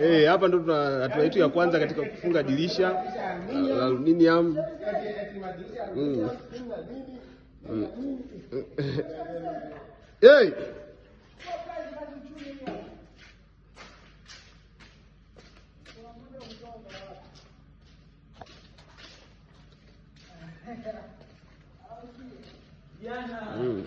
Eh, hapa ndo tuna hatua yetu ya kwanza katika kufunga dirisha la aluminium. Mm. mm. Eh! mm.